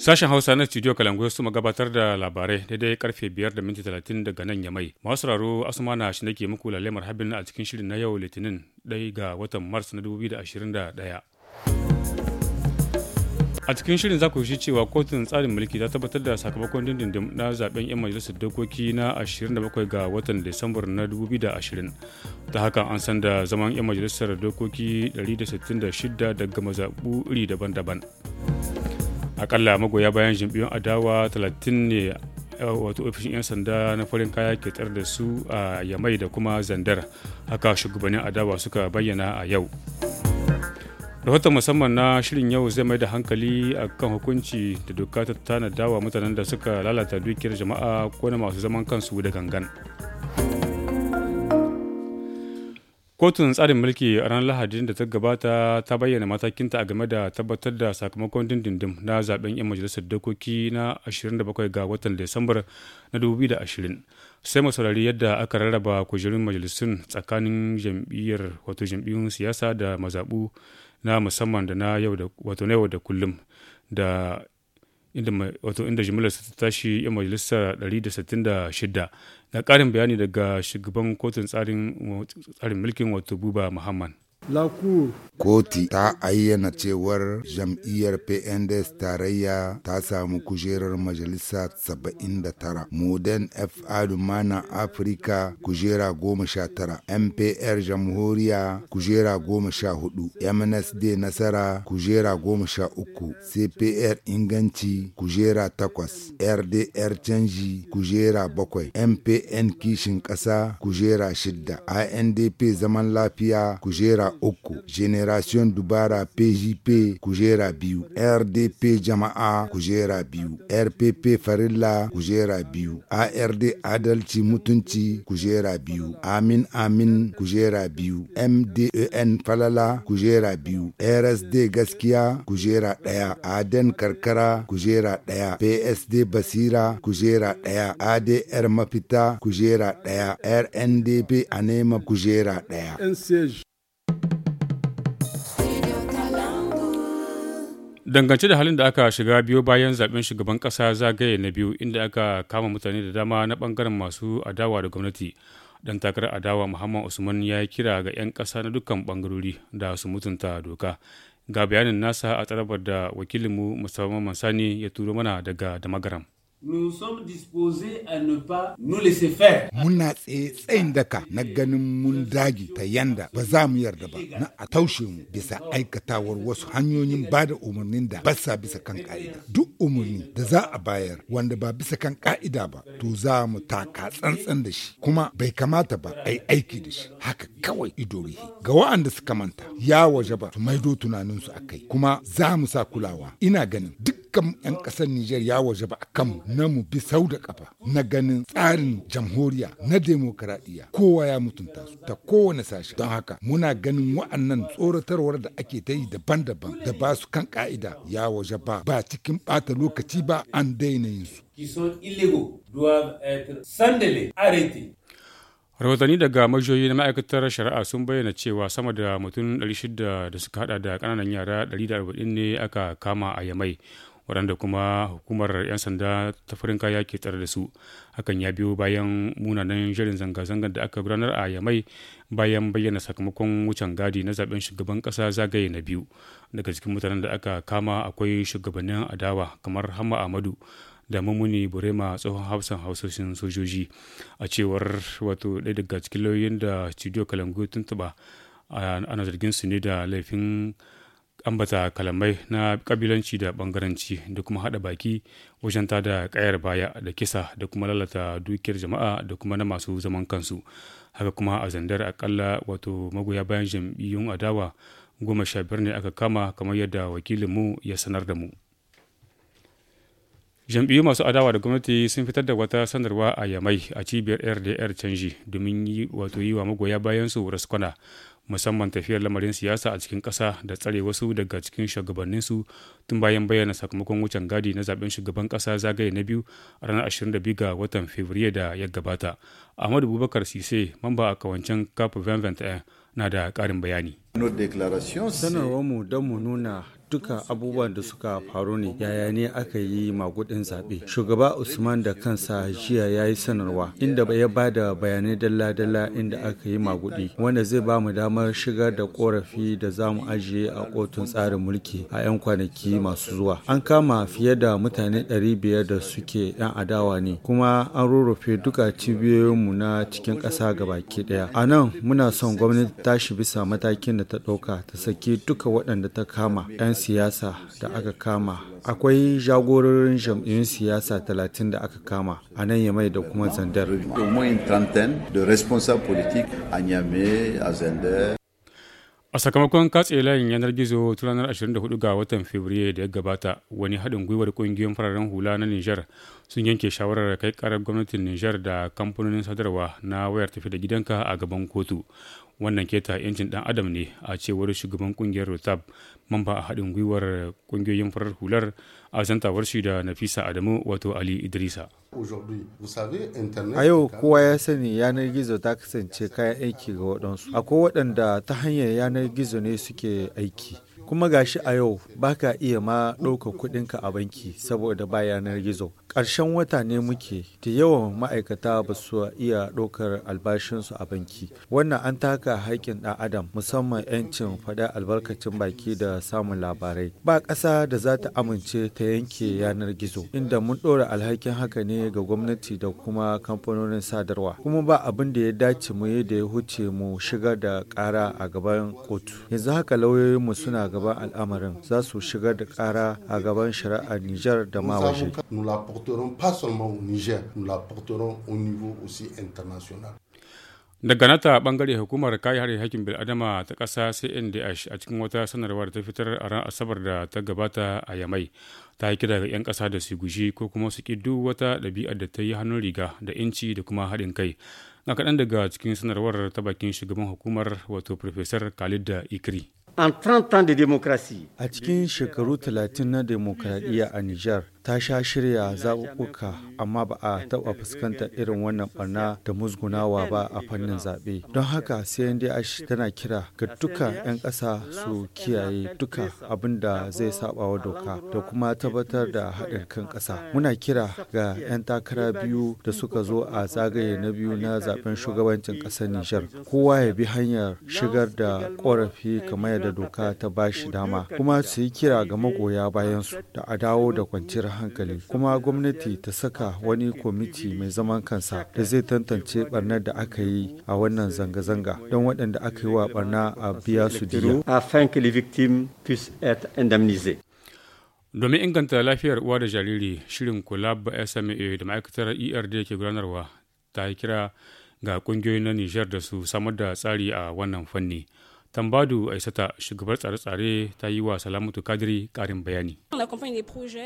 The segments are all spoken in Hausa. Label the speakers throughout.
Speaker 1: Sashen Hausa na Studio Kalangu su gabatar da labarai daidai karfe 5 da minti 30 daga nan yamai. Masu raro Asmana shi nake muku lalle habin a cikin shirin na yau Litinin ɗai ga watan Mars na 2021. A cikin shirin za ku shi cewa kotun tsarin mulki ta tabbatar da sakamakon dindindin na zaben 'yan majalisar dokoki na 27 ga watan Disambar na 2020. Ta haka an san da zaman 'yan majalisar dokoki 166 daga mazaɓu iri daban-daban. akalla magoya bayan jimbiyon adawa 30 ne eh, wato ofishin 'yan sanda na farin kaya ke tsar da su a yamai da kuma zandar haka shugabannin adawa suka bayyana a yau rahoton musamman na shirin yau zai mai da hankali a kan hukunci da doka ta tanadawa mutanen da suka lalata dukiyar jama'a ko na masu zaman kansu da gangan. kotun tsarin mulki a ranar lahadin da ta gabata ta bayyana matakinta a game da tabbatar da sakamakon dindindim na zaben 'yan majalisar dokoki na 27 ga watan disambar na 2020 sai mu saurari yadda aka rarraba kujerun majalisun tsakanin jam'iyyar wato jam'iyyun siyasa da mazaɓu na musamman da na yau da kullum da inda wato inda jimillar ta tashi yan majalisa 166 na karin bayani daga shugaban kotun tsarin mulkin wato buba muhammad
Speaker 2: Koti ta ayyana cewar jam'iyyar PNDS tarayya ta samu kujerar majalisa 79, Modern F. Mana Afirka kujera 19, MPR Jamhuriya kujera 14, MNSD Nasara kujera 13, CPR Inganci kujera 8, RDR Canji kujera 7, MPN Kishin kasa kujera 6, INDP Zaman Lafiya kujera uku, Generation Dubara PJP kujera biyu, RDP Jama'a kujera biyu, RPP Farilla kujera biyu, ARD Adalci Mutunci kujera biyu, Amin Amin kujera biyu, MDEN Falala kujera biyu, RSD Gaskiya kujera ɗaya, Aden Karkara kujera daya PSD Basira kujera daya ADR Mafita kujera daya RNDP Anema kujera ɗaya.
Speaker 1: dangance da halin da aka shiga biyo bayan zaben shugaban kasa zagaye na biyu inda aka kama mutane da dama na bangaren masu adawa da gwamnati dan takarar adawa muhammad usman ya yi kira ga 'yan kasa na dukkan bangarori da su mutunta doka ga bayanin nasa a tsarabar da wakilinmu musamman sani ya turo mana daga damagaram
Speaker 2: nous sommes disposés à ne pas nous laisser faire. Muna tsaye tsayin daka na ganin mun dagi ta yanda ba za mu yarda ba na a taushe mu bisa aikatawar wasu hanyoyin ba da umarnin da ba sa bisa kan ka'ida. Duk umarni da za a bayar wanda ba bisa kan ka'ida ba to za mu taka tsantsan da shi kuma bai kamata ba a yi aiki da shi haka kawai ido idorihi. Ga wa'anda suka manta ya waje ba su maido tunaninsu a kai kuma za mu sa kulawa ina ganin duk dukkan 'yan ƙasar Nijar ya waje ba kan na mu bi sau da kafa na ganin tsarin jamhuriya na demokaradiyya kowa ya mutunta su ta kowane sashe don haka muna ganin wa'annan tsoratarwar da ake ta yi daban-daban da ba su kan ka'ida ya waje ba ba cikin ɓata lokaci ba an daina yin su.
Speaker 1: rahotanni daga majiyoyi na ma'aikatar shari'a sun bayyana cewa sama da mutum 600 da suka hada da kananan yara 140 ne aka kama a yamai waɗanda kuma hukumar 'yan sanda ta farin kaya ke tsare da su hakan ya biyo bayan munanan shirin zanga-zangar da aka gudanar a yamai bayan bayyana sakamakon wucin gadi na zaben shugaban ƙasa zagaye na biyu daga cikin mutanen da aka kama akwai shugabannin adawa kamar hama amadu da mamuni burema tsohon hafsan hausoshin sojoji a cewar wato ɗaya daga cikin lauyoyin da studio kalangu tuntuɓa ana zargin su ne da laifin ambata kalamai na kabilanci da bangaranci da kuma hada baki wajen ta da kayar baya da kisa da kuma lalata dukiyar jama'a da kuma na masu zaman kansu haka kuma a zandar akalla wato magoya bayan jam'iyyun adawa goma sha biyar ne aka kama kamar yadda wakilinmu ya sanar da mu jam'iyyu masu adawa da gwamnati sun fitar da wata sanarwa a yamai a cibiyar rdr canji domin yi wato yi wa magoya bayan su raskwana musamman tafiyar lamarin siyasa a cikin ƙasa da tsare wasu daga cikin shugabanninsu tun bayan bayyana sakamakon wucin gadi na zaben shugaban ƙasa zagaye na biyu a ranar 22 ga watan fabriye da ya gabata ahmadu bubakar sise mamba a kawancen cap 2021 eh, na da ƙarin bayani Sanarwar mu don mu nuna
Speaker 3: duka abubuwan da suka faru ne yaya ne aka yi magudin zaɓe shugaba usman da kansa jiya ya yi sanarwa inda ya ba da bayanai dalla-dalla inda aka yi magudi wanda zai ba mu damar shigar da korafi da za mu ajiye a kotun tsarin mulki a 'yan kwanaki masu zuwa an kama fiye da mutane ɗari biyar da suke 'yan adawa ne kuma an rurrufe duka cibiyoyinmu na cikin ƙasa gabaki ɗaya a nan muna son gwamnati tashi bisa matakin da ta ɗauka ta saki duka waɗanda ta kama 'yan siyasa da aka kama akwai jagororin jam'iyyun siyasa 30 da aka kama a nan yamai da kuma zandar
Speaker 1: a sakamakon katse layin yanar gizo tun ranar 24 ga watan fabrairu da ya gabata wani haɗin gwiwar ƙungiyoyin fararen hula na niger sun yanke shawarar kai karar gwamnatin niger da kamfanonin sadarwa na wayar tafi da gidanka a gaban kotu wannan keta yancin dan adam ne a cewar shugaban kungiyar rotab mamba a haɗin gwiwar kungiyoyin farar hular a zantawar shi da nafisa adamu wato ali idrisa
Speaker 2: a yau kowa ya
Speaker 3: sani yanar gizo ta kasance kayan aiki ga waɗansu akwai waɗanda ta hanyar yanar gizo ne suke aiki kuma gashi a yau baka iya ma ɗauka kuɗinka a banki saboda ba yanar gizo ƙarshen wata ne muke da yawan ma'aikata ba su iya ɗaukar albashinsu a banki wannan an taka haƙƙin ɗan adam musamman 'yancin faɗa albarkacin baki da samun labarai ba ƙasa da za ta amince ta yanke yanar gizo inda mun ɗora alhakin haka ne ga gwamnati da kuma kamfanonin sadarwa kuma ba abin da ya dace mu yi da ya huce mu shigar da ƙara a gaban kotu yanzu haka lauyoyinmu suna gaban al'amarin za su shigar da ƙara a gaban shari'ar Nijar da ma waje.
Speaker 2: porterons pas seulement au Niger, nous la porterons au niveau aussi international.
Speaker 1: daga nata bangare hukumar kare hare hakkin bil'adama ta ƙasa cndh a cikin wata sanarwar ta fitar a ran asabar da ta gabata a yamai ta yi kira ga 'yan ƙasa da su guji ko kuma su ki duk wata ɗabi'ar da ta yi hannun riga da inci da kuma haɗin kai na kaɗan daga cikin sanarwar ta bakin shugaban hukumar wato professor khalid da ikri
Speaker 3: a cikin shekaru 30 na demokradiyya a nijar. ta sha shirya zaɓuɓɓuka amma ba a taɓa fuskantar irin wannan ɓarna da musgunawa ba a fannin zaɓe don haka cndh tana kira ga duka 'yan ƙasa su kiyaye duka abin da zai saɓawa doka da kuma tabbatar da haɗin kan ƙasa muna kira ga 'yan takara biyu da suka zo a zagaye na biyu na zaɓen shugabancin ƙasar nijar kowa ya bi hanyar shigar da ƙorafi kamar yadda doka ta ba shi dama kuma su yi kira ga magoya bayansu da a dawo da kwanciyar hankali kuma gwamnati ta saka wani kwamiti mai zaman kansa da zai tantance barnar da aka yi a wannan zanga-zanga don waɗanda aka yi wa barna a biya su diya.
Speaker 1: Domin inganta lafiyar uwa da jariri, shirin kula ba SMA da ma'aikatar ERD ke gudanarwa ta kira ga kungiyoyi na Nijar da su samar da tsari a wannan fanni. Tambadu Aisata shugabar tsare-tsare ta yi wa Salamatu Kadiri karin bayani.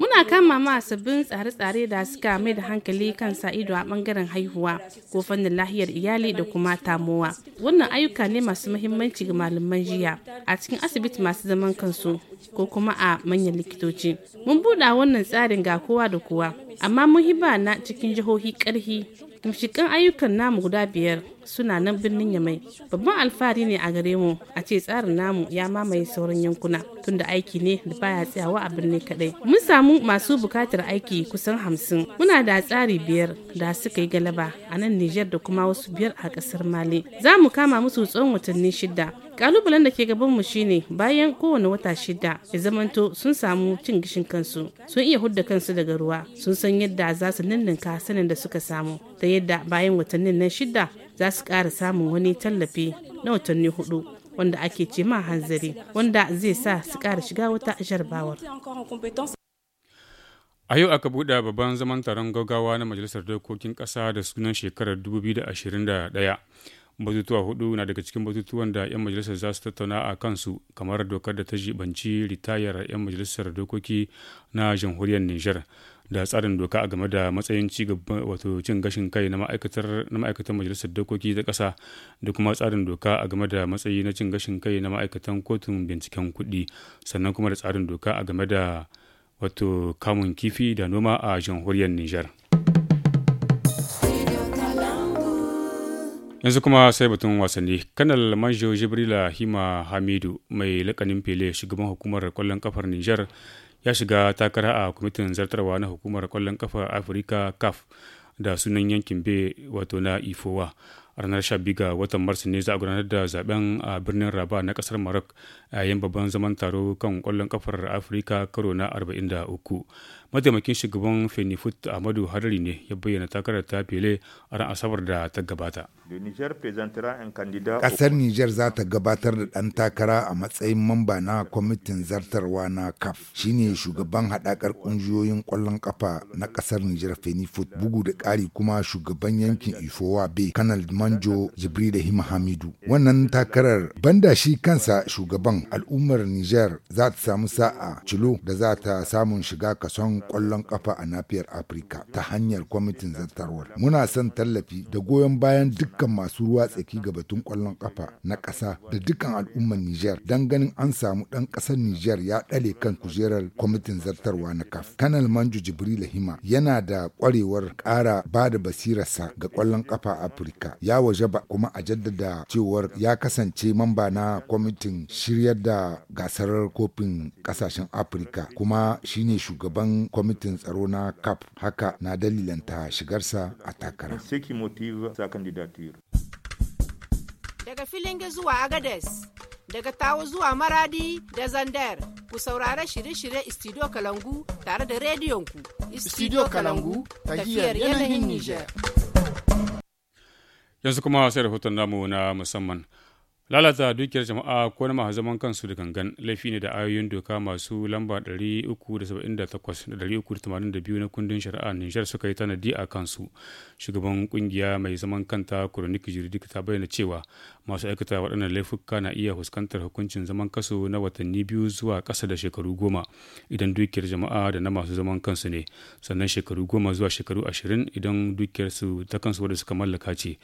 Speaker 4: Muna kama ma sabbin tsare-tsare da suka mai da hankali kan sa ido a bangaren haihuwa ko fannin lahiyar iyali da kuma tamowa. Wannan ayyuka ne masu mahimmanci ga malaman jiya a cikin asibiti masu zaman kansu ko kuma a manyan likitoci. Mun buɗa wannan tsarin ga kowa da kowa, amma mun hiba na cikin jihohi ƙarhi. Tumshikan ayyukan namu guda biyar suna nan birnin yamai babban alfahari ne a gare mu a ce tsarin namu ya mamaye sauran yankuna tunda aiki ne da baya tsayawa a birni kadai mun samu masu bukatar aiki kusan hamsin muna da tsari biyar da suka yi galaba a nan nijar da kuma wasu biyar a kasar mali za mu kama musu tsawon watanni shida kalubalen da ke gaban mu shine bayan kowane wata shida ya zamanto sun samu cin gishin kansu sun iya hudda kansu daga ruwa sun san yadda za su ninninka sanin da suka samu ta yadda bayan watannin nan shida za su ƙara samun wani tallafi na watanni hudu wanda ake ce ma hanzari wanda zai sa su kara shiga wata jarbawar.
Speaker 1: A yau aka buɗe babban zaman taron gaggawa na Majalisar Dokokin Ƙasa da sunan shekarar 2021. Batutuwa hudu na daga cikin batutuwan da 'yan majalisar za su tattauna a kansu kamar dokar da ta jibanci ritayar 'yan majalisar dokoki na jamhuriyar niger. da tsarin doka a game da matsayin ci wato cin gashin kai na ma'aikatan majalisar dokoki ta kasa da kuma tsarin doka a game da matsayi na cin gashin kai na ma'aikatan kotun binciken kuɗi sannan kuma da tsarin doka a game da wato kamun kifi da noma a jamhuriyar Nijar. yanzu kuma sai batun wasanni kanal manjo jibrila hima hamidu mai lakanin fele shugaban hukumar kwallon kafar nijar ya shiga takara a kwamitin zartarwa na hukumar kwallon kafa afirka caf da sunan yankin bay wato na ifowa e a ranar 12 ga watan mars ne za a gudanar da zaben a birnin raba na kasar maroc a yayin babban zaman taro kan kwallon kafar afirka karo na 43 mataimakin shugaban fenifut ahmadu harari ne ya bayyana takarar ta fele a ran asabar da ta gabata
Speaker 2: kasar niger za ta gabatar da ɗan takara a matsayin mamba na kwamitin zartarwa na caf shine shugaban haɗakar ƙungiyoyin ƙwallon ƙafa na ƙasar niger fenifut bugu da ƙari kuma shugaban yankin ifowa be kanal manjo jibril hamidu wannan takarar banda shi kansa shugaban al'ummar niger za ta samu sa'a cilo da za ta samun shiga kason kwallon ƙwallon ƙafa a nafiyar Afirka ta hanyar kwamitin zartarwar. Muna son tallafi da goyon bayan dukkan masu ruwa tsaki ga batun kwallon ƙafa na ƙasa da dukkan al'ummar Nijar don ganin an samu ɗan ƙasar Nijar ya ɗale kan kujerar kwamitin zartarwa na kaf Kanal Manju Jibril Hima yana da ƙwarewar ƙara ba da basirarsa ga ƙwallon ƙafa Afirka. Ya waje ba kuma a jaddada cewar ya kasance mamba na kwamitin shiryar da gasar kofin ƙasashen Afirka kuma shine shugaban kwamitin tsaro na CAP haka na ta shigarsa a takara.
Speaker 5: Daga Filinge zuwa Agades, daga Tawo zuwa Maradi da zander ku saurara shirye-shirye Istidio Kalangu tare da rediyonku.
Speaker 4: Istidio Kalangu,
Speaker 5: tafiyar yanayin Nijar.
Speaker 1: Yanzu kuma sai rahoton namu na musamman. lalata dukiyar jama'a ko na masu zaman kansu da gangan laifi ne da ayoyin doka masu lamba 378 da 382 na kundin shari'a nijar suka yi tanadi a kansu shugaban kungiya mai zaman kanta kronik juridik ta bayyana cewa masu aikata waɗannan laifuka na iya fuskantar hukuncin zaman kaso na watanni biyu zuwa ƙasa da shekaru goma idan dukiyar jama'a da na masu zaman kansu ne sannan shekaru goma zuwa shekaru ashirin idan dukiyarsu ta kansu wadda suka mallaka ce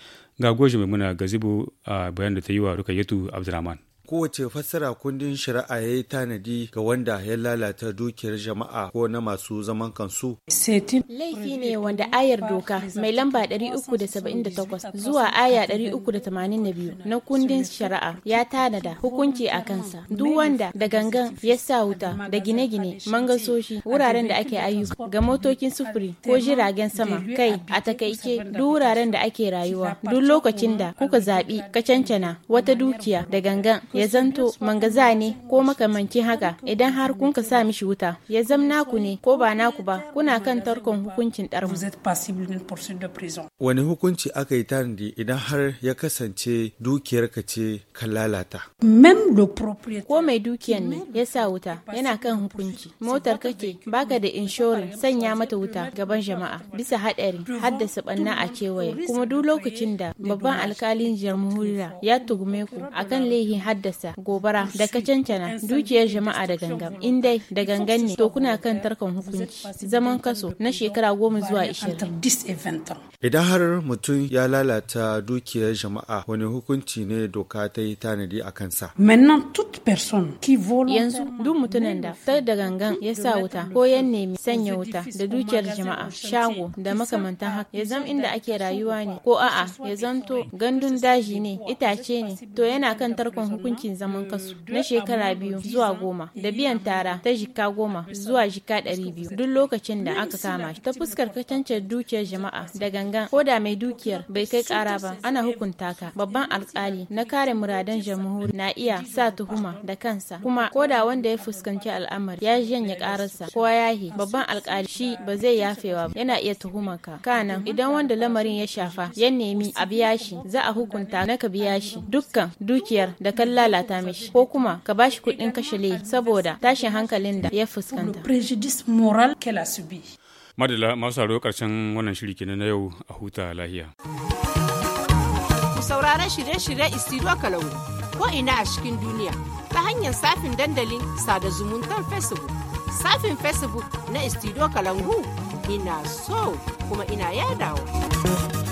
Speaker 1: ga gwaji mai muna gazibu a bayan da ta yi wa rukayyatu abdulrahman
Speaker 3: kowace fassara kundin shari'a ya yi tanadi ga wanda ya lalata dukiyar jama'a ko na masu zaman kansu.
Speaker 5: Laifi ne wanda ayar doka mai lamba 378 zuwa aya 382 na kundin shari'a ya tanada hukunci a kansa. Duk wanda da gangan ya sa wuta da gine-gine mangasoshi wuraren da ake ayyuka ga motokin sufuri ko jiragen sama kai a takaice duk wuraren da ake rayuwa duk lokacin da kuka zaɓi ka cancana wata dukiya da gangan ya zanto mangaza ne ko makamancin haka idan har kun ka sa mishi wuta ya zam naku ne ko ba naku ba kuna kan tarkon hukuncin ɗarmu.
Speaker 3: Wani hukunci aka yi tanadi idan har ya kasance dukiyarka ce ka lalata.
Speaker 5: Ko mai dukiyar ne ya sa wuta yana kan hukunci. Motar kake baka da inshorin sanya mata wuta gaban jama'a bisa haɗari haddasa ɓanna a kewaye kuma duk lokacin da babban alkalin jamhuriya ya tugume ku akan laihin haddasa haddasa gobara da ka cancana dukiyar jama'a da gangan in dai da gangan ne to kuna kan tarkan hukunci zaman kaso na shekara goma zuwa
Speaker 4: ishirin.
Speaker 3: Idan har mutum ya lalata dukiyar jama'a wani hukunci ne doka ta yi tanadi a kansa.
Speaker 4: Yanzu duk
Speaker 5: mutumin da ta da gangan ya sa wuta ko ya nemi sanya wuta da dukiyar jama'a shago da makamantan haka ya zam inda ake rayuwa ne ko a'a ya zamto gandun daji ne itace ne to yana kan tarkon hukunci ɗinkin zaman kasu na shekara biyu zuwa goma da biyan tara ta jika goma zuwa jika ɗari biyu duk lokacin da aka kama shi ta fuskar katancar dukiyar jama'a da gangan ko da mai dukiyar bai kai kara ba ana hukunta ka babban alkali na kare muradan jamhuri na iya sa tuhuma da kansa kuma ko da wanda ya fuskanci al'amari ya janye ƙararsa ko yahi babban alkali shi ba zai yafewa ba yana iya tuhumar ka kanan idan wanda lamarin ya shafa ya nemi a biya shi za a hukunta na ka biya shi dukkan dukiyar da kalla lalata mishi ko kuma ka bashi kuɗin kashile saboda tashin hankalin da ya fuskanta.
Speaker 1: Madala masu saro karshen wannan shiri kenan na yau a huta lahiya.
Speaker 5: Sauraron shirye-shirye Istiduwa Kalau ko ina a cikin duniya ta hanyar safin dandalin sada zumuntar Facebook. Safin Facebook na Istiduwa Kalangu ina so
Speaker 4: kuma ina yadawa.